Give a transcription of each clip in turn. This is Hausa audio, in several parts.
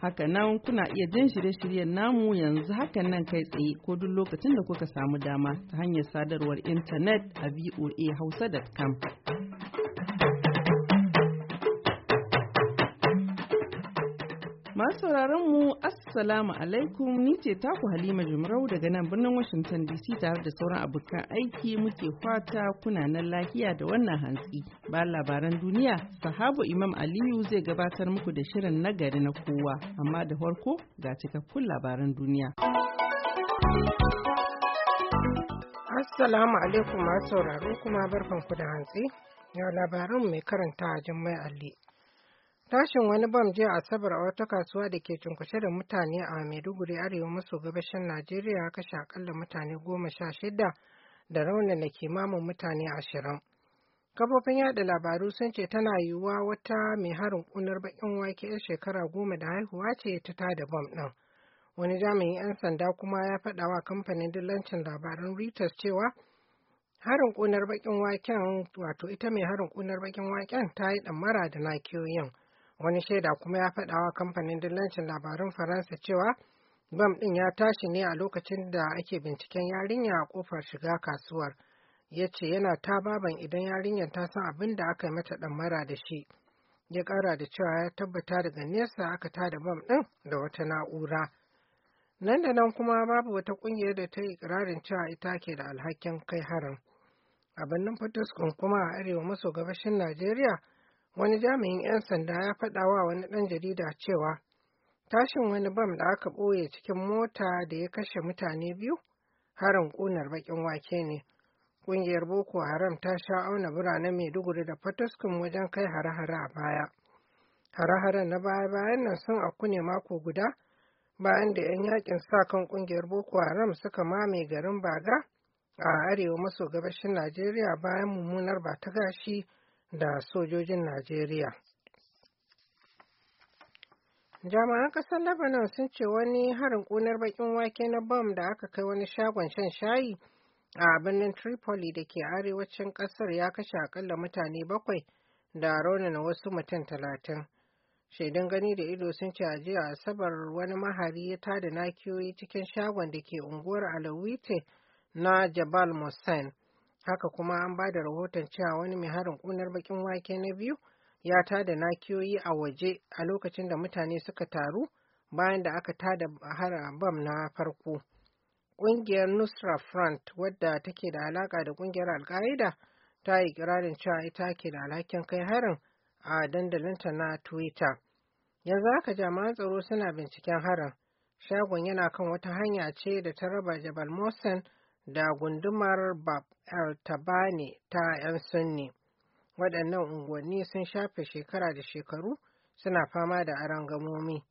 Hakanan kuna iya jin shirye-shiryen namu yanzu hakanan nan kai tsaye ko duk lokacin da kuka samu dama ta hanyar sadarwar intanet a voahausa.com. Masu mu Assalamu alaikum ni ce taku Halima Jumrau daga nan birnin Washington DC tare da sauran abokan aiki muke fata kuna nan lafiya da wannan hantsi. Ba labaran duniya, sahabu Imam Aliyu zai gabatar muku da shirin nagari na kowa, amma da farko ga cikakkun labaran duniya. Assalamu alaikum masu sauraron kuma barkanku da hantsi. Yau labaran mai karanta Jummai Ali. Tashin wani bam jiya Asabar a wata kasuwa da ke cunkushe da mutane a Maiduguri arewa maso gabashin Najeriya ya kashe akalla mutane goma sha shida da raunin raunana kimanin mutane ashirin. Kafofin yaɗa labaru sun ce tana yiwuwa wata mai harin kunar bakin wake shekara goma da haihuwa ce ta da bam ɗin. Wani jami'in 'yan sanda kuma ya faɗa wa kamfanin dillancin labaran Reuters cewa harin kunar bakin waken wato ita mai harin kunar bakin waken ta yi ɗamara da nakiyoyin. wani shaida kuma ya faɗa wa kamfanin dillancin labarun faransa cewa bam ɗin ya tashi ne a lokacin da ake binciken yarinya a kofar shiga kasuwar ya ce yana ta baban idan yarinyar ta san abin da aka yi mata ɗammara da shi ya ƙara da cewa ya tabbata daga nesa aka ta da bam ɗin da wata na'ura nan da nan kuma babu wata ƙungiyar da ta yi ƙirarin cewa ita ke da alhakin kai harin a birnin kuma a arewa maso gabashin najeriya wani jami'in 'yan sanda ya faɗa wa wani ɗan jarida cewa tashin wani bam da aka ɓoye cikin mota da ya kashe mutane biyu harin ƙunar baƙin wake ne ƙungiyar boko haram ta sha auna biranen maiduguri da fataskin wajen kai hare-hare a baya hare-haren na baya-bayan nan sun aku ne mako guda bayan da 'yan yakin sa kan ƙungiyar boko haram suka mame garin baga a arewa maso gabashin najeriya bayan mummunar ba ta gashi da sojojin Najeriya. Jami'an ƙasar Lebanon sun ce wani harin ƙunar baƙin wake na bom da aka kai wani shagon shan shayi a birnin Tripoli da ke arewacin ƙasar ya kashe akalla mutane bakwai da raunin wasu mutum talatin. Shaidun gani da ido sun ce a sabar Asabar wani mahari ya tada nakiyoyi cikin shagon da ke unguwar Alawite na Jabal Mosan. haka kuma an ba da rahoton cewa wani mai harin kunar bakin wake na biyu ya tada nakiyoyi a waje a lokacin da mutane suka taru bayan da aka tada hara bam na farko ƙungiyar nusra front wadda take da alaka da ƙungiyar al ta yi kirarin cewa ita ke da alhakin kai harin a dandalinta na twitter yanzu haka jami'an tsaro suna binciken harin shagon yana kan wata hanya ce da ta raba jabal mosan da gundumar Bab el-Tabani ta 'yan Sunni. Waɗannan unguwanni sun shafe shekara da shekaru suna fama da gamomi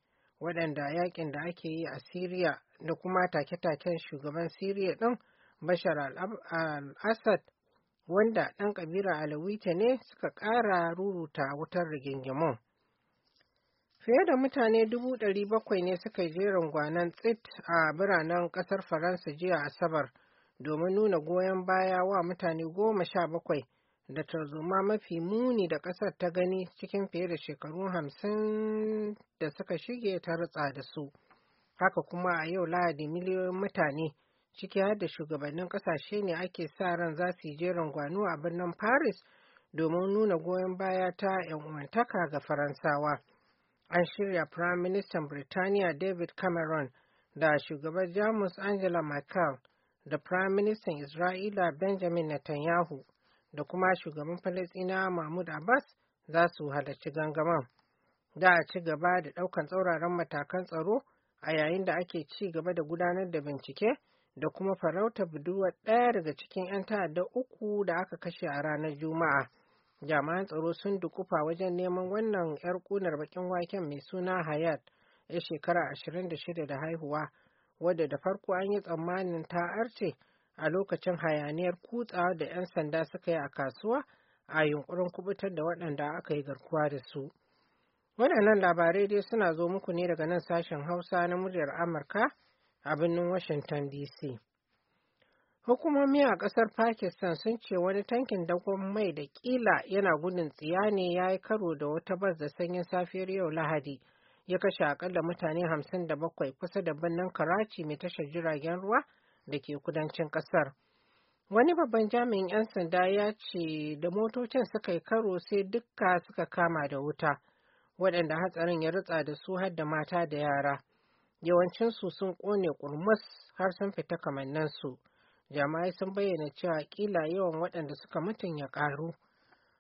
waɗanda yakin da ake yi a Siriya da kuma take-taken shugaban Siriya ɗin Bashar al-Assad wanda ɗan ƙabila Alawita ne suka ƙara ruruta wutar rigingimu. Fiye da mutane dubu ɗari bakwai ne suka yi jerin gwanon tsit a biranen ƙasar Faransa jiya Asabar domin nuna goyon baya wa mutane goma sha bakwai da tarzoma mafi muni da ƙasar ta gani cikin fiye da shekaru hamsin da suka shige ta ritsa da su haka kuma a yau lahadi miliyoyin mutane ciki har da shugabannin ƙasashe ne ake sa ran za su yi jerin gwano a birnin paris domin nuna goyon baya ta 'yan uwantaka ga faransawa an shirya prime minister Birtaniya david cameron da shugaban jamus angela merkel da Prime Minister Isra'ila Benjamin Netanyahu da kuma shugaban Falasina Mahmud Abbas za su halarci gangaman. Da a ci gaba da ɗaukan tsauraran matakan tsaro a yayin da ake ci gaba da gudanar da bincike da kuma farauta budurwar ɗaya daga cikin 'yan ta'adda uku da aka kashe a ranar Juma'a. Jami'an tsaro sun dukufa wajen neman wannan 'yar ƙunar bakin waken mai suna Hayat, ya shekara shida da haihuwa. wadda da farko an yi tsammanin ta arce a lokacin hayaniyar kutsa da 'yan sanda suka yi a kasuwa a yunkurin kubutar da waɗanda aka yi garkuwa da su. Waɗannan labarai dai suna zo muku ne daga nan sashen Hausa na muryar Amurka a birnin Washington DC. Hukumomi a ƙasar Pakistan sun ce wani tankin dagon mai da ƙila yana gudun tsiya ne ya yi karo da wata bas da sanyin safiyar yau Lahadi. ya kashe akalla mutane hamsin da bakwai kusa da birnin Karachi mai tashar jiragen ruwa da ke kudancin kasar. Wani babban jami'in 'yan sanda ya ce da motocin suka yi karo sai dukka suka kama da wuta, waɗanda hatsarin ya rutsa da su har da mata da yara. Yawancinsu sun ƙone ƙurmus har sun fita kamanninsu. Jama'ai sun bayyana cewa ƙila yawan waɗanda suka mutum ya ƙaru.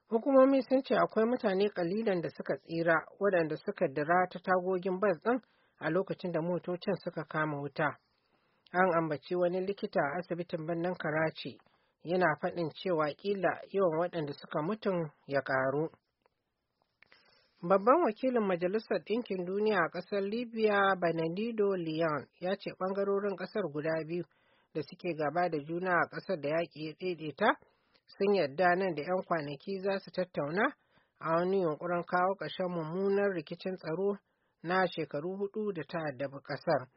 Hukumomi sun ce akwai mutane kalilan da suka tsira waɗanda suka dira ta tagogin bas ɗin a lokacin da motocin suka kama wuta. An ambaci wani likita a asibitin birnin Karachi yana faɗin cewa ƙila yawan waɗanda suka mutum ya ƙaru. Babban wakilin Majalisar Ɗinkin Duniya a ƙasar Libya, Benedito Leon, ya ce ɓangarorin ƙasar guda biyu da suke gaba da juna a ƙasar da yaƙi ya ɗaiɗaita sun yarda nan da 'yan kwanaki za su tattauna a wani yunkurin kawo ƙarshen mummunar rikicin tsaro na shekaru hudu da ta addabi ƙasar.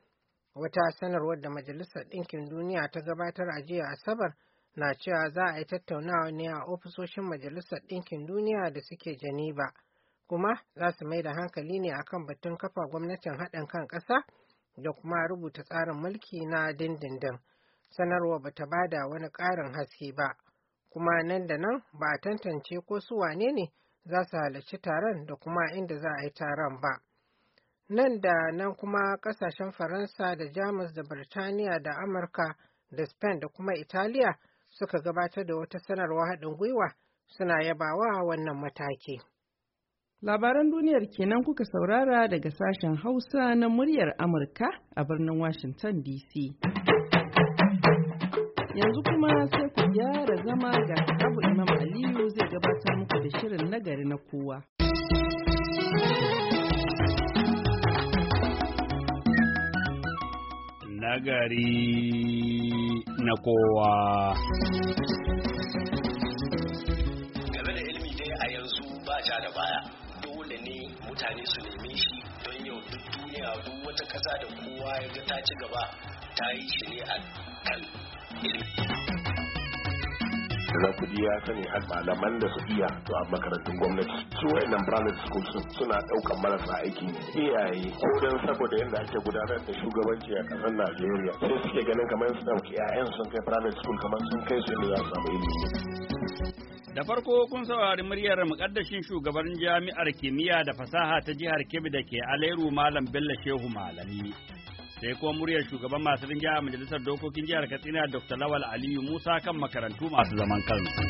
Wata sanarwar da Majalisar Ɗinkin Duniya ta gabatar a jiya Asabar na cewa za a yi tattaunawa ne a ofisoshin Majalisar Ɗinkin Duniya da suke Geneva, kuma za su mai da hankali ne akan batun kafa gwamnatin haɗin kan ƙasa da kuma rubuta tsarin mulki na dindindin. Sanarwar bata bada wani ƙarin haske ba. kuma nan da nan ba a tantance ko su wane ne za su halarci taron da kuma inda za a yi taron ba. Nan da nan kuma kasashen Faransa da Jamus da Birtaniya da Amurka da Spain da kuma Italiya suka gabatar da wata sanarwa haɗin gwiwa suna yabawa wannan mataki. Labaran duniyar kenan kuka saurara daga sashen Hausa na muryar Amurka a birnin Washington DC. Yanzu kuma sai ku gyara zama ga Abu Imam Aliyu zai gabatar muku da shirin nagari na kowa. Nagari na kowa. Game da ilimi dai a yanzu ba ja da baya, dole ne mutane su neme shi don yau duk duniya duk wata ƙasa da kowa ya ga ta ci gaba ta yi shi ne a kan ilimi da kuɗi ya sani har malaman da su iya to a makarantun gwamnati su wayannan private school suna ɗaukar marasa aiki iyaye ko dan saboda yadda ake gudanar da shugabanci a ƙasar Najeriya sai suke ganin kamar su ɗauki ƴaƴan sun kai private school kamar sun kai su ne za su samu ilimi Da farko kun saurari muryar mukaddashin shugaban jami'ar kimiyya da fasaha ta jihar Kebbi da ke Alairu Malam Bello Shehu Malami. sai kuma muryar shugaban masu rinjiya a majalisar dokokin jihar katsina dr lawal aliyu musa kan makarantu masu zaman kansu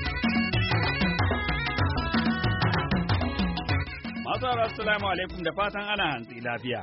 masu assalamu alaikum da fatan ana hantsi lafiya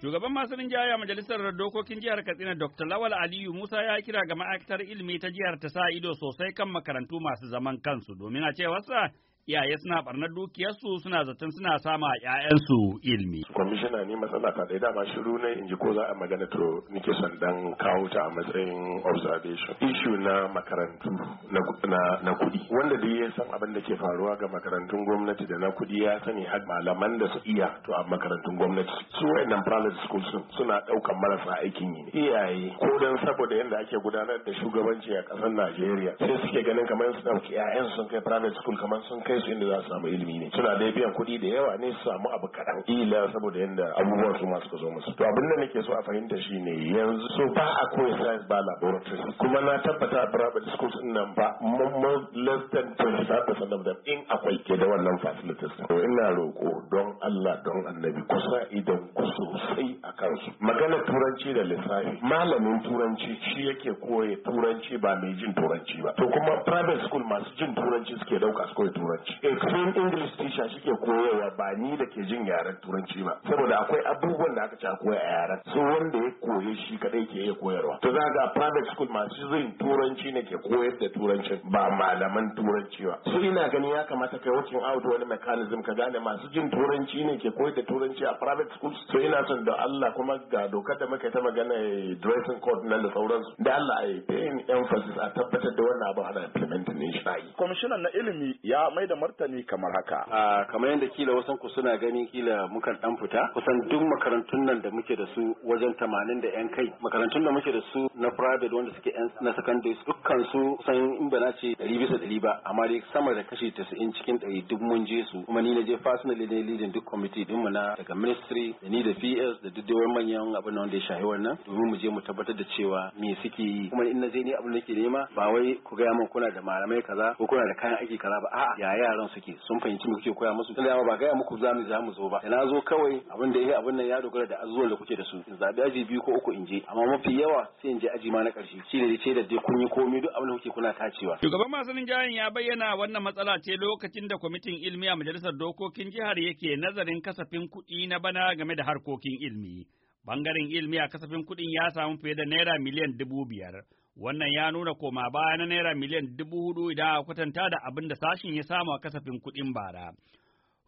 Shugaban masu rinjaya majalisar dokokin jihar Katsina Dr. Lawal Aliyu Musa ya kira ga ma'aikatar ilimi ta jihar ta sa ido sosai kan makarantu masu zaman kansu domin a cewarsa iyaye suna barnar dukiyarsu suna zaton suna sama ‘ya'yansu ilmi. Kwamishina ne matsala ta ɗaya dama shiru ne in ji ko za a magana to nike son dan kawo ta a matsayin observation. Ishu na makarantu na kuɗi. Wanda duk ya san abin da ke faruwa ga makarantun gwamnati da na kuɗi ya sani har malaman da su iya to a makarantun gwamnati. Su wayannan private schools suna ɗaukan marasa aikin yi. Iyaye ko dan saboda yadda ake gudanar da shugabanci a ƙasar Najeriya sai suke ganin kamar su ɗauki ‘ya'yansu sun kai private school kamar sun kai su inda za su samu ilimi ne suna da biyan kuɗi da yawa ne su samu abu kaɗan ila saboda yadda abubuwan su masu zo musu to abin da nake so a fahimta shi ne. yanzu so ba a koyi science ba laboratory kuma na tabbata a private schools din nan ba mun less than 25% of them in akwai da wannan facilities to ina roko don Allah don annabi kusa idan ku sosai a kansu magana turanci da lissafi malamin turanci shi yake koye turanci ba mai jin turanci ba to kuma private school masu jin turanci suke dauka su koyi turanci extreme english teacher shike koyarwa ba ni da ke jin yaren turanci ba saboda akwai abubuwan da aka ci koya a yaren su wanda ya koye shi kadai ke iya koyarwa to za ga private school masu jin turanci ne ke koyar da turanci ba malaman turanci ba su ina gani ya kamata kai wata sun auto wani mechanism ka gane masu jin turanci ne ke koyar da turanci a private schools so ina son da Allah kuma ga dokar da muka ta magana eh, dressing code nan da sauransu da Allah a yi paying emphasis a tabbatar da wannan abu ana implementing ne shi commissioner na ilimi ya mai da martani kamar haka a kamar yadda kila wasan ku suna gani kila mukan dan fita kusan duk makarantun nan da muke da su wajen tamanin da yan kai makarantun da muke da su na private wanda suke na secondary dukkan su san in ba na ce 100 bisa 100 ba amma dai sama da kashi 90 cikin 100 duk mun je su kuma ni na je personally ne leading duk committee din mu na daga ministry da ni da PS da duk manyan manyan abin nan da ya shahi wannan domin mu je mu tabbatar da cewa me suke yi kuma in na je ni abin da ke nema ba wai ku ga mun kuna da malamai kaza ko kuna da kayan aiki kaza ba a'a ya yaran suke sun fahimci me kuke koya musu tunda ba gaya muku zamu za mu zo ba da na zo kawai abin da yake abin nan ya dogara da azuwar da kuke da su in zabi aji biyu ko uku in je amma mafi yawa sai in je aji ma na karshe shi ne ce da dai kun yi komai duk abin da kuke kuna tacewa shugaban masanin jayin ya bayyana wannan matsala ce lokacin da kwamitin ilmi a majalisar dokokin jihar yake nazarin kasafin kuɗi na bana game da harkokin ilmi. Bangaren ilmi a kasafin kuɗin ya samu fiye da naira miliyan dubu biyar. Wannan ya nuna koma baya na naira miliyan dubu hudu idan a kwatanta da abin da sashin ya samu a kasafin kuɗin bara.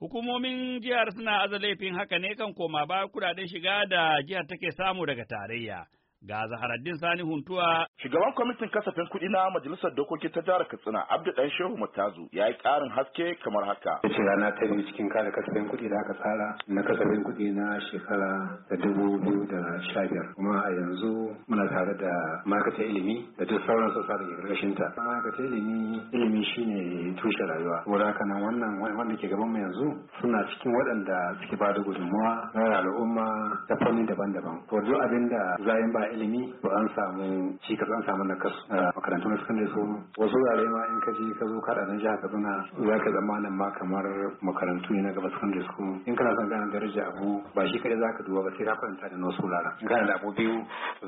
Hukumomin jihar suna aza laifin haka ne kan koma baya kuɗaɗen shiga da jihar take samu daga tarayya. Ga Zaharaddin Sani Huntuwa. Shugaban kwamitin kasafin kuɗi na Majalisar Dokoki ta Jihar Katsina Abdu Dan Shehu Mutazu ya yi karin haske kamar haka. Wace rana ta biyu cikin kare kasafin kuɗi da aka tsara na kasafin kuɗi na shekara da dubu biyu da sha biyar. Kuma a yanzu muna tare da ma'aikatar ilimi da duk sauran sassa da ke ƙarƙashin ta. Ma'aikatar ilimi ilimi shine tushen rayuwa. Wura na wannan wanda ke gaban mu yanzu suna cikin waɗanda suke ba da gudunmawa na al'umma ta fannin daban-daban. To duk abin da zayin ba ilimi ba an samu ka an samu na kas makarantu na sakandare su wasu zare ma in ka je ka zo ka ɗan jiha kaduna za ka nan ma kamar makarantu ne na gaba sakandare su in kana son gane daraja abu ba shi kaɗai za ka duba ba sai ka kwanta da wasu wuraren in kana da abu biyu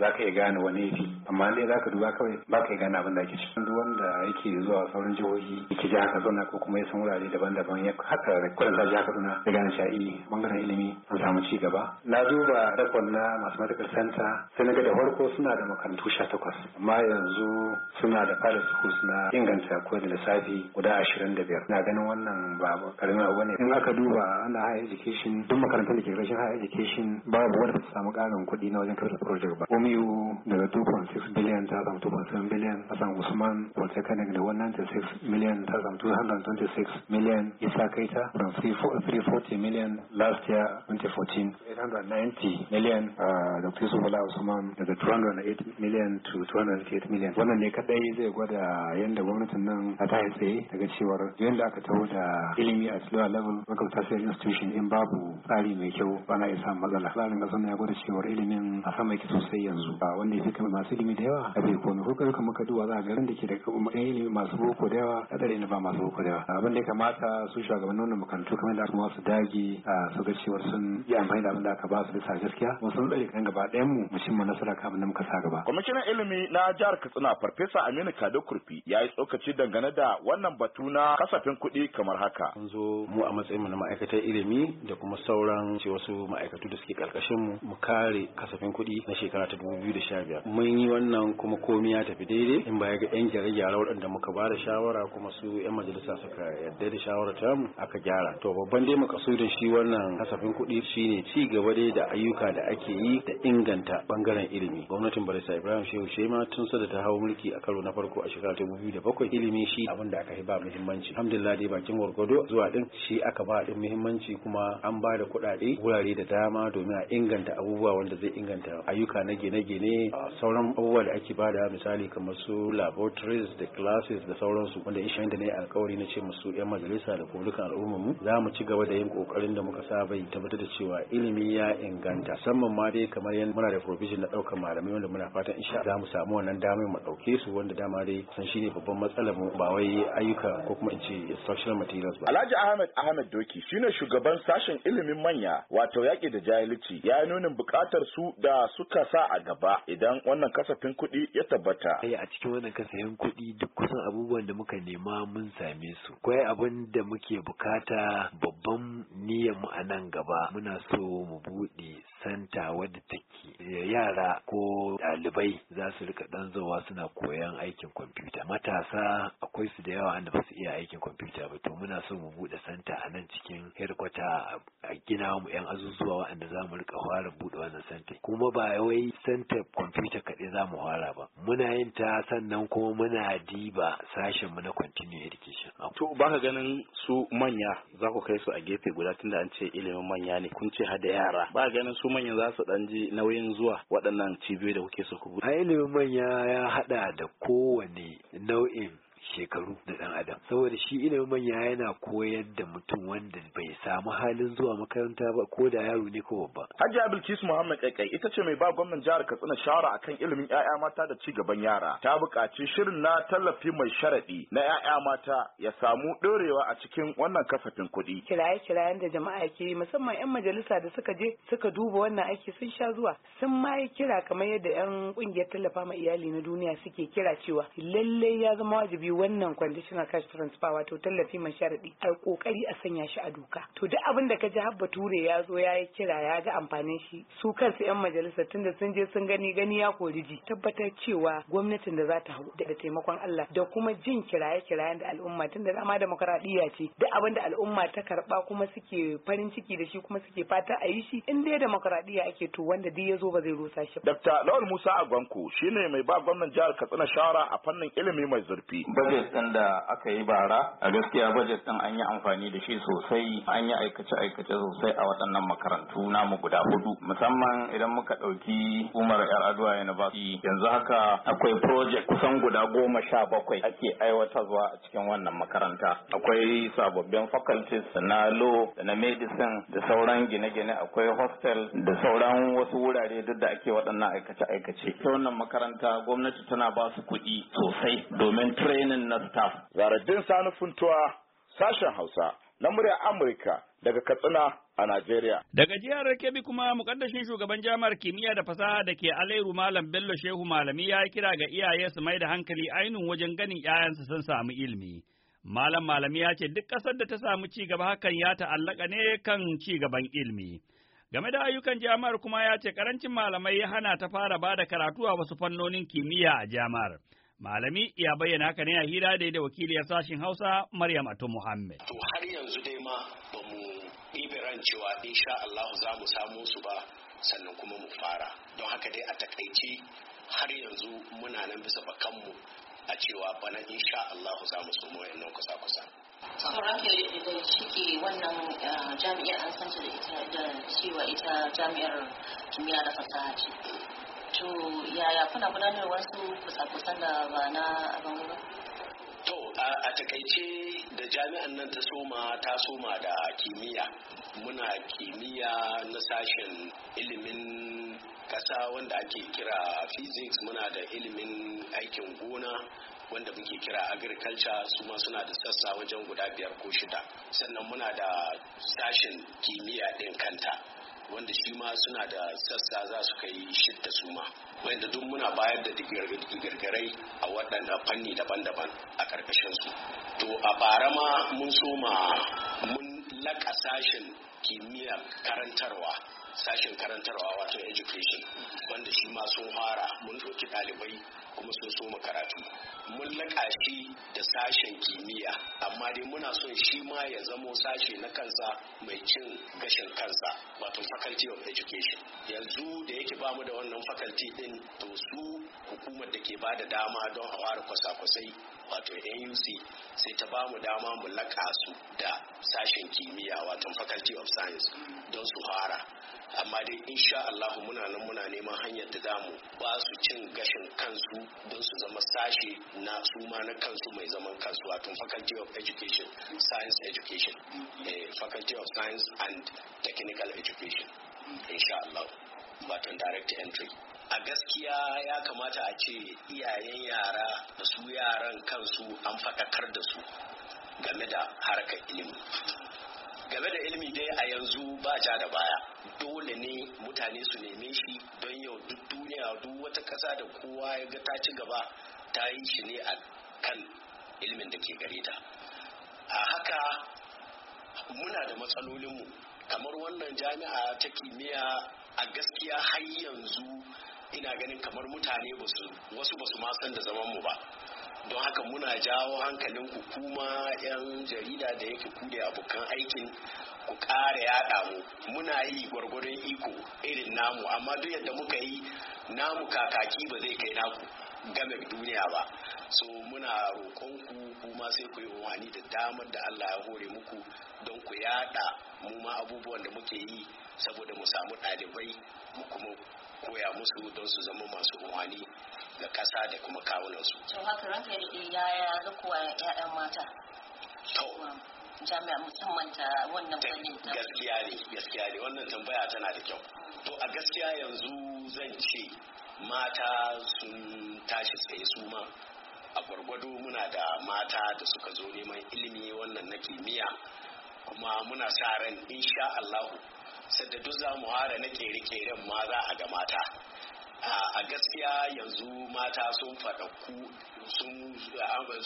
za ka iya gane wani ya fi amma ne za ka duba kawai ba ka iya gane abin da ake ciki duk wanda yake zuwa sauran jihohi yake jiha kaduna ko kuma ya san wurare daban-daban ya haka kwanta jiha kaduna da gane sha'i eh, bangaren ilimi an samu ci gaba na duba rakon na mathematical center sai na ga da farko suna da makarantu sha takwas amma yanzu suna da fara suku suna inganta ko da lissafi guda ashirin da biyar na ganin wannan ba karamin abu ne in aka duba ana high education duk makarantar da ke rashin high education babu wanda ta samu karin kuɗi na wajen capital project ba omiyu daga 2.6 billion ta samu 2.7 billion hassan usman polytechnic da 196 million ta samu 226 million isa kaita from 340 million last year 2014 890 million uh, dr yusuf usman daga 208 million to 208 million wannan ne kadai zai gwada yadda gwamnatin nan ta tashi tsaye daga cewar yadda aka taho da ilimi a lower level local tertiary institution in babu tsari mai kyau ba na isa matsala tsarin kasar ya gwada cewar ilimin a sama yake sosai yanzu ba wanda ya fi kama masu ilimi da yawa a bai komi ko kuma muka duba za a garin da ke da ilimi masu boko da yawa a tsare ba masu boko da yawa abin da ya kamata su shugaban nuna makarantu kamar da kuma su dage ah, su ga cewar sun yi amfani da abin da aka ba su da sa gaskiya kuma sun tsare kan gaba ɗayan mu mu cimma nasara nasara kan da muka sa gaba kwamishinan ilimi na jihar katsina farfesa aminu kado kurfi ya yi tsokaci dangane da wannan batu na kasafin kuɗi kamar haka mun zo mu a matsayin mu na ma'aikatan ilimi da kuma sauran ce wasu ma'aikatu da suke ƙarƙashin mu mu kare kasafin kuɗi na shekara ta dubu biyu da sha biyar. mun yi wannan kuma komi ya tafi daidai in baya ga yan gyare-gyare waɗanda muka ba da shawara kuma su ƴan majalisa suka yarda da shawarar mu aka gyara to babban dai makasudin shi wannan kasafin kuɗi shine ci gaba dai da ayyuka da ake yi da inganta bangaren ilimi gwamnatin barista ibrahim shehu shema tun sada ta hawo mulki a karo na farko a shekara ta biyu da bakwai ilimi shi abin da aka yi ba muhimmanci alhamdulillah dai bakin gwargwado zuwa din shi aka ba din muhimmanci kuma an ba da kuɗaɗe wurare da dama domin a inganta abubuwa wanda zai inganta ayyuka na gine-gine sauran abubuwa da ake da misali kamar su laboratories da classes da sauransu wanda in da na yi alkawari na ce musu 'yan majalisa da kuma dukkan al'ummar mu za mu ci gaba da yin kokarin da muka saba yi tabbatar da cewa ilimi ya inganta musamman ma dai kamar yadda muna da provision na ɗaukar malamai wanda muna fatan insha za mu samu wannan damar mu ɗauke su wanda dama dai san shine babban matsalar mu ba wai ayyuka ko kuma in ce social materials ba. Alhaji Ahmed Ahmed Doki shine shugaban sashen ilimin manya wato yaƙi da jahilci ya nuna buƙatar su da suka sa a gaba idan wannan kasafin kuɗi ya tabbata. Kai a cikin wannan kasafin kuɗi duk kusan abubuwan da muka nema mun same su. Kwai abin da muke bukata babban niyyar mu a nan gaba muna so mu buɗe santa wadda take eh, yara ko ɗalibai za su rika ɗan zawa suna koyan aikin kwamfuta matasa akwai su da yawa wanda ba su iya aikin kwamfuta ba to muna so mu buɗe santa a nan cikin herkwata a gina mu 'yan azuzuwa wanda za mu rika fara buɗe wannan kuma ba wai santa kwamfuta kaɗai za mu fara ba muna yin ta sannan kuma muna diba sashen mu na continuing education to baka ganin su manya za ku kai su a gefe guda tunda an ce ilimin manya ne kun ce hada yara ba ganin su manya za su dan ji nauyin zuwa waɗannan cibiyoyi da kuke so ku a ilimin manya ya hada da kowane nau'in shekaru da ɗan adam saboda shi ilimin manya yana koyar da mutum wanda bai samu halin zuwa makaranta ba ko da yaro ne ko babba hajji Bilkis Muhammad Kaikai ita ce mai ba gwamnan jihar Katsina shawara akan ilimin 'ya'ya mata da ci gaban yara ta buƙaci shirin na tallafi mai sharaɗi na 'ya'ya mata ya samu dorewa a cikin wannan kasafin kuɗi kiraye-kirayen da jama'a ke yi musamman 'yan majalisa da suka je suka duba wannan aiki sun sha zuwa sun ma yi kira kamar yadda 'yan ƙungiyar tallafa ma iyali na duniya suke kira cewa lallai ya zama wajibi wannan conditional cash transfer wato tallafi mai sharadi a kokari a sanya shi a doka to duk abin da ka ji har bature ya zo ya yi kira ya ga amfanin shi su kansu yan majalisa tunda sun je sun gani gani ya kori ji tabbatar cewa gwamnatin da za ta hau da taimakon Allah da kuma jin kiraye kirayen da al'umma tunda dama demokradiya ce duk abin da al'umma ta karba kuma suke farin ciki da shi kuma suke fata a yi shi in dai demokradiya ake to wanda duk ya zo ba zai rusa shi ba. Dr. Lawal Musa Agwanko shine mai ba gwamnan jihar Katsina shawara a fannin ilimi mai zurfi. Ba budget ɗin da aka yi bara a gaskiya budget ɗin an yi amfani da shi sosai an yi aikace-aikace sosai a waɗannan makarantu namu guda hudu musamman idan muka ɗauki umar yar adwa university yanzu haka akwai project kusan guda goma sha bakwai ake aiwatarwa a cikin wannan makaranta akwai sababbin faculties na law da na medicine da sauran gine-gine akwai hostel da sauran wasu wurare duk da ake waɗannan aikace-aikace ta wannan makaranta gwamnati tana ba su kuɗi sosai domin training nasta. na Sani Funtuwa, sashen Hausa, na murya Amurka daga Katsina a Najeriya. Daga jihar Kebbi kuma mukaddashin shugaban jami'ar kimiyya da fasaha da ke Alairu Malam Bello Shehu Malami ya yi kira ga iyaye su mai da hankali ainihin wajen ganin 'ya'yansu sun samu ilimi. Malam Malami ya ce duk ƙasar da ta samu ci gaba hakan ya ta'allaka ne kan ci gaban ilimi. Game da ayyukan jami'ar kuma ya ce karancin malamai ya hana ta fara bada karatu a wasu fannonin kimiyya a jami'ar. Malami ya bayyana haka ne a hira da da wakiliyar sashen Hausa Maryam Ato Muhammad. To har yanzu dai ma ba mu ran cewa insha Allah za mu samu su ba sannan kuma mu fara. Don haka dai a takaici har yanzu muna nan bisa mu a cewa bana insha Allah za mu samu wayannan kusa-kusa. Sauran da shike wannan eh, jami'ar an da ita cewa ita jami'ar kimiyya da fasaha ce. to yaya kuna gudanar wasu kusa-kusan da ba na ba. to a takaice da jami'an nan ta soma ta soma da kimiyya muna kimiyya na sashen ilimin kasa wanda ake kira physics muna da ilimin aikin gona wanda muke kira agriculture su ma suna da sassa wajen guda biyar ko shida sannan muna da sashen kimiyya ɗin kanta wanda shi ma suna da sassa za su kai shidda su ma wanda duk muna bayar da digirgirai a waɗanda fanni daban-daban a ƙarƙashinsu to a bara ma mun soma mun laƙa sashen kimiyyar karantarwa sashen karantarwa wato education wanda shi ma sun fara mun ɗauki ɗalibai kuma sun soma karatu mun laka shi da sashen kimiyya amma dai muna son shi ma ya zamo sashe na kansa mai cin gashin kansa wato faculty of education yanzu da yake bamu da wannan faculty din to su hukumar da ke ba da dama don a fara kwasa-kwasai wato nuc sai ta ba mu dama mu laka su da sashen kimiyya wato faculty of science don su fara amma dai insha Allah muna nan muna neman hanyar da zamu ba su cin gashin kansu don su zama sashe na ma na kansu mai zaman kansu wato faculty of education science education a eh, faculty of science and technical education insha Allah wato direct entry a gaskiya ya kamata a ce iyayen yara da su yaran kansu an faɗakar da su game da harkar ilimi game da ilimi dai a yanzu ba ja da baya dole ne mutane su neme shi don yau duk duniya duk wata ƙasa da kowa ya ga ta ci gaba ta yi shi ne a kan ilimin da ke gare ta a haka muna da matsalolinmu kamar wannan jami'a ta kimiyya a gaskiya har yanzu ina ganin kamar mutane wasu ba su san da zaman mu ba don haka muna jawo hankalin ku kuma 'yan jarida da yake kude abokan aikin ku ƙara yaɗa mu muna yi gwargwaron iko irin namu amma duk yadda muka yi namu kakaki ba zai kai naku game duniya ba so muna roƙon ku kuma sai ku yi wani da damar da Allah ya hore muku don ku yaɗa mu ma abubuwan da muke yi saboda mu samu ɗalibai mu kuma koya musu don su zama masu umarni ga ƙasa da kuma kawunansu. to haka ranka ya ga kuwa 'ya'yan mata to jami'a musamman ta wannan wani. gaskiya ne gaskiya ne wannan tambaya tana da kyau to a gaskiya yanzu zan ce mata sun tashi tsaye su ma a gwargwado muna da mata da suka zo neman ilimi wannan na kimiyya kuma muna sa ran insha Allahu da duk za mu na kere-keren ma za a ga mata a gaskiya yanzu mata sun faɗaku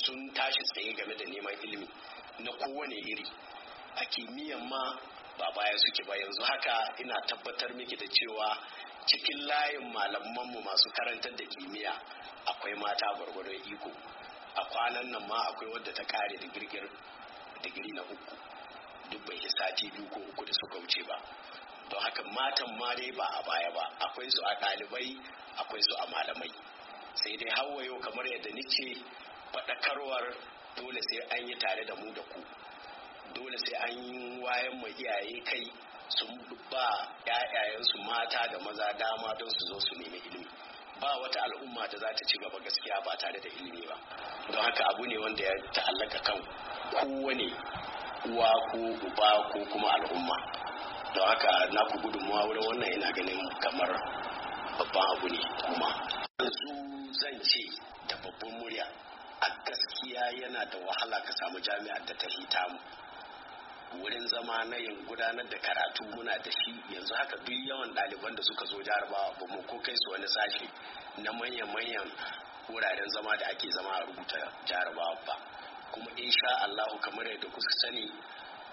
sun tashi tsaye game da neman ilimi na kowane iri a kimiyyar ma ba baya suke ba yanzu haka ina tabbatar miki da cewa cikin layin malamanmu masu karantar da kimiyya akwai mata gwargwadon iko a kwanan nan ma akwai wadda ta kare digiri na uku duk bai yi sati biyu ko uku da suka wuce ba don haka matan ma dai ba a baya ba akwai su a ɗalibai akwai su a malamai sai dai hawayo kamar yadda nice faɗakarwar dole sai an yi tare da mu da ku dole sai an yi wayan mai iyaye kai sun ba ‘ya'yayensu mata da maza dama don su zo su nemi ilimi ba wata al'umma da za ta ci gaba gaskiya ba tare da ilimi ba don haka abu ne wanda ya ta'allaka kan kowane uwa ko uba ko kuma al'umma don haka na ku gudunmuwa wurin wannan yana ganin kamar babban abu ne kuma yanzu zan ce da babban murya a gaskiya yana da wahala ka samu jami'ar da ta hita mu wurin zama na yin gudanar da karatu muna da shi yanzu haka duk yawan ɗaliban da suka zo jarabawa ba mu ko kai su wani sashi na manyan-manyan wuraren zama da ake zama a rubuta jarabawa ba kuma insha Allah kamar yadda kuka sani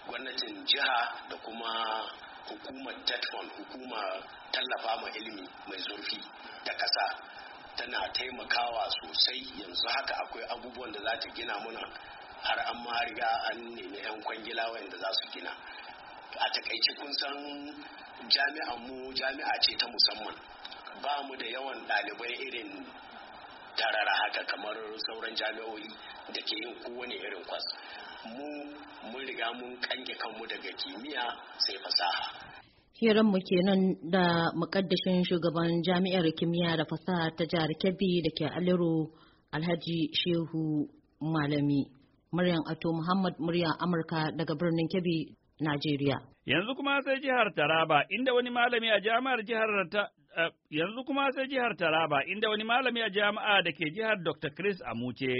gwamnatin jiha da kuma hukumar tetron hukumar tallafa ma ilimi mai zurfi ta kasa tana taimakawa sosai yanzu haka akwai abubuwan da za ta gina muna har an ma riga an nemi 'yan kwangila wanda za su gina a takaice kun san jami'an mu jami'a ce ta musamman ba mu da yawan ɗalibai irin tarara haka kamar sauran jami'o'i da ke yin kowane irin kwas mu mun riga mun kange kanmu daga kimiyya sai fasaha hiran mu kenan da mukaddashin shugaban jami'ar kimiyya da fasaha ta jihar kebbi da ke aliru alhaji shehu malami Maryam ato muhammad murya amurka daga birnin kebbi najeriya yanzu kuma sai jihar taraba inda wani malami a jami'ar jihar ta eh, yanzu kuma sai jihar taraba inda wani malami a jami'a da ke jihar dr chris amuce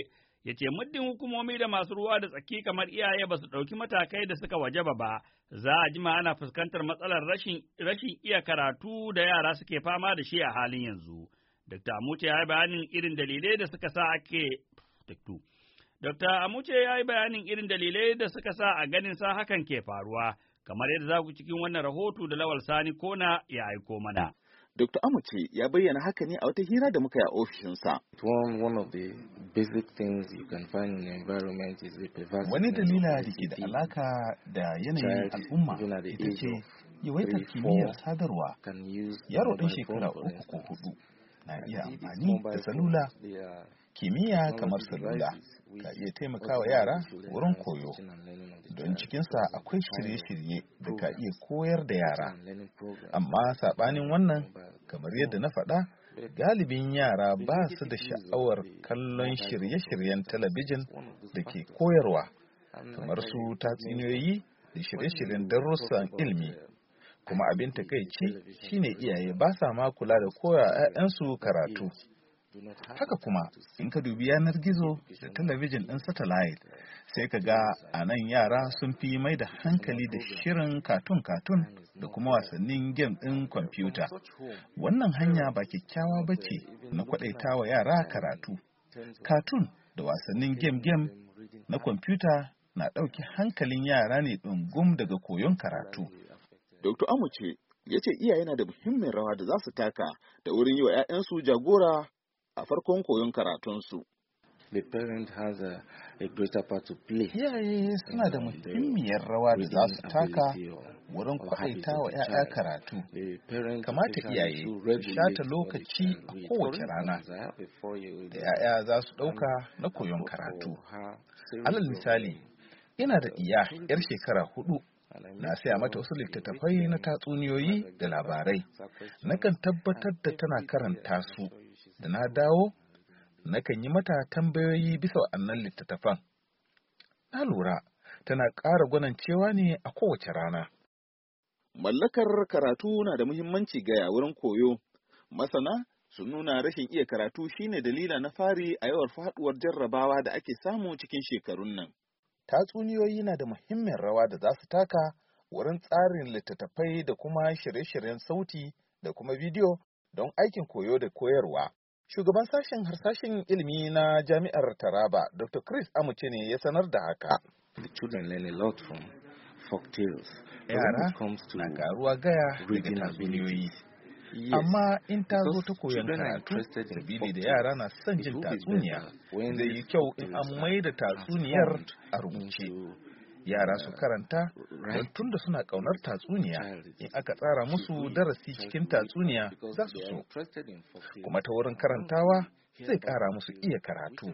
ya ce muddin hukumomi da masu ruwa da tsaki kamar iyaye ba su ɗauki matakai da suka waje ba, za a jima ana fuskantar matsalar rashin iya karatu da yara suke fama da shi a halin yanzu. Dr. Amuce ya yi bayanin irin dalilai da suka sa ake Dr. Amuce ya yi bayanin irin dalilai da suka sa a ganin sa hakan ke faruwa, kamar yadda za ku cikin wannan rahoto da Lawal Sani ko na ya aiko mana. Dr. Amuchi ya bayyana haka ne a wata hira da muka yi a ofishinsa. Wani dalila da ke da alaka da yanayin al'umma ita ce yawaitar kimiyyar sadarwa yaro ɗan shekara uku ko hudu na iya amfani da salula kimiyya kamar salula ka iya taimakawa yara wurin koyo don cikinsa akwai shirye-shirye da ka iya koyar da yara amma saɓanin wannan kamar yadda na faɗa galibin yara ba su da sha'awar kallon shirye-shiryen talabijin da ke koyarwa kamar su tatsuniyoyi da shirye-shiryen darussan ilmi uh, kuma abin takaici shine iyaye ba sa ma kula da koya 'ya'yansu karatu Haka kuma, in ka dubi yanar gizo da talabijin ɗin satellite, sai ka ga a nan yara sun fi mai da hankali da shirin katun-katun da kuma wasannin gem ɗin kwamfuta. Wannan hanya ba kyakkyawa ba ce na wa yara karatu. Katun da wasannin gem-gem na kwamfuta na ɗauki hankalin yara ne ɗungum daga koyon karatu. Dr. Amuce ya ce iyaye na da muhimmin rawa da za su taka da wurin yi wa 'ya'yansu jagora a farkon koyon karatunsu. the parent has a, greater part to play. Iyaye suna da uh, muhimmiyar rawa da za su taka wurin kwaita wa 'ya'ya karatu. Kamata iyaye su shata lokaci a kowace rana da 'ya'ya za su ɗauka na koyon karatu. Alal misali, ina da iya 'yar shekara hudu na saya mata wasu littattafai na tatsuniyoyi da labarai. na kan tabbatar da tana karanta su. da na dawo nakan yi mata tambayoyi bisa wa'annan littattafan. Na lura, tana ƙara gwanan cewa ne a kowace rana. Mallakar karatu na da muhimmanci ga wurin koyo. Masana su nuna rashin iya karatu shine dalila na fari a yawar faduwar jarrabawa da ake samu cikin shekarun nan. Tatsuniyoyi na da muhimmin rawa da za su taka wurin tsarin littattafai da kuma shirye-shiryen sauti da kuma bidiyo don aikin koyo da koyarwa. Shugaban sashen harsashen ilimi na jami'ar Taraba, Dr. Chris Amuce ne ya sanar da haka. The Yara na karuwa gaya daga tatsuniyoyi. Amma in ta zo ta koyon karatu, da yara na son jin tatsuniya, wanda yi kyau in an mai da tatsuniyar a rubuce. yara su karanta tun da suna kaunar tatsuniya in aka tsara musu darasi cikin tatsuniya za su so kuma ta wurin karantawa zai kara musu iya karatu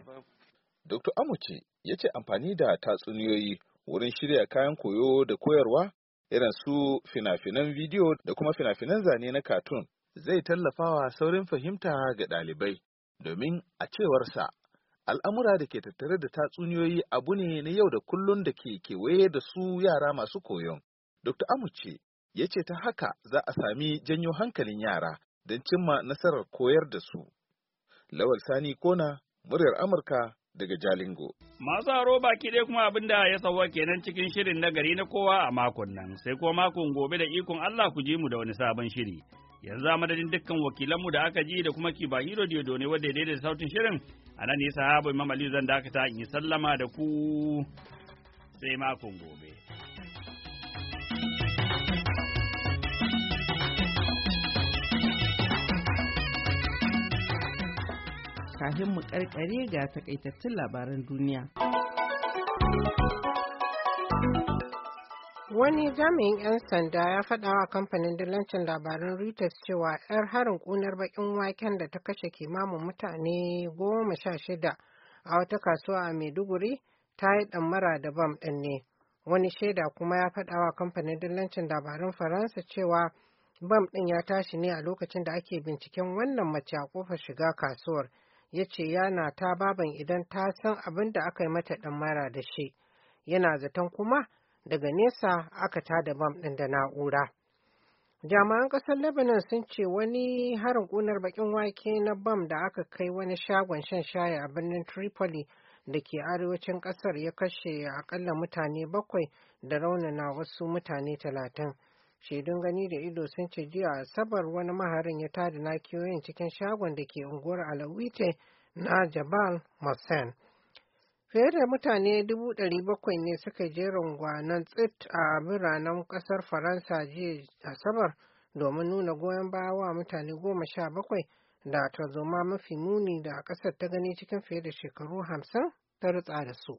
dr amuce ya ce amfani da tatsuniyoyi wurin shirya kayan koyo da koyarwa irin su fina-finan bidiyo da kuma fina-finan zane na katun zai tallafawa saurin fahimta ga ɗalibai domin a cewarsa al'amura da ke tattare da tatsuniyoyi abu ne na yau da kullun da ke kewaye da su yara masu koyon. Dr. Amuce ya ce ta haka za a sami janyo hankalin yara don cimma nasarar koyar da su. Lawal Sani Kona, muryar Amurka daga Jalingo. Masu haro baki dai kuma abin da ya sauwa kenan cikin shirin nagari na kowa a makon nan, sai kuma makon gobe da ikon Allah ku ji mu da wani sabon shiri. yanzu a madadin dukkan wakilanmu da aka ji da kuma ki hiro diodo ne wadda ya daidaita sautin shirin a nan nisa sahaba imam zan dakata in yi sallama da ku sai makon gobe. Kafin mu karkare ga takaitattun labaran duniya. Wani jami'in 'yan sanda ya faɗa wa kamfanin dillancin labaran Reuters cewa 'yar harin ƙunar baƙin waken da ta kashe kimamin mutane goma sha shida a wata kasuwa a Maiduguri ta yi ɗammara da bam ɗin ne. Wani shaida kuma ya faɗa wa kamfanin dillancin labaran Faransa cewa bam ɗin ya tashi ne a lokacin da ake binciken wannan mace a kofar shiga kasuwar. Ya ce yana ta baban idan ta san abin da aka yi mata ɗammara da shi. Yana zaton kuma daga nesa aka tada bam ɗin da na'ura. Jami'an ƙasar Lebanon sun ce wani harin ƙunar bakin wake na bam da aka kai wani shagon shan shaya a birnin Tripoli da ke arewacin ƙasar ya kashe aƙalla mutane bakwai da raunana wasu mutane talatin. Shaidun gani da ido sun ce jiya asabar wani maharin ya tada nakiyoyin cikin shagon da ke unguwar Alawite na Jabal Masen. Fiye da mutane 700,000 ne suka je rungwanan tsit a biranen kasar Faransa jiya Asabar domin nuna goyon baya wa mutane goma sha bakwai da tarzoma mafi muni da kasar ta gani cikin fiye da shekaru hamsin ta rutsa da su.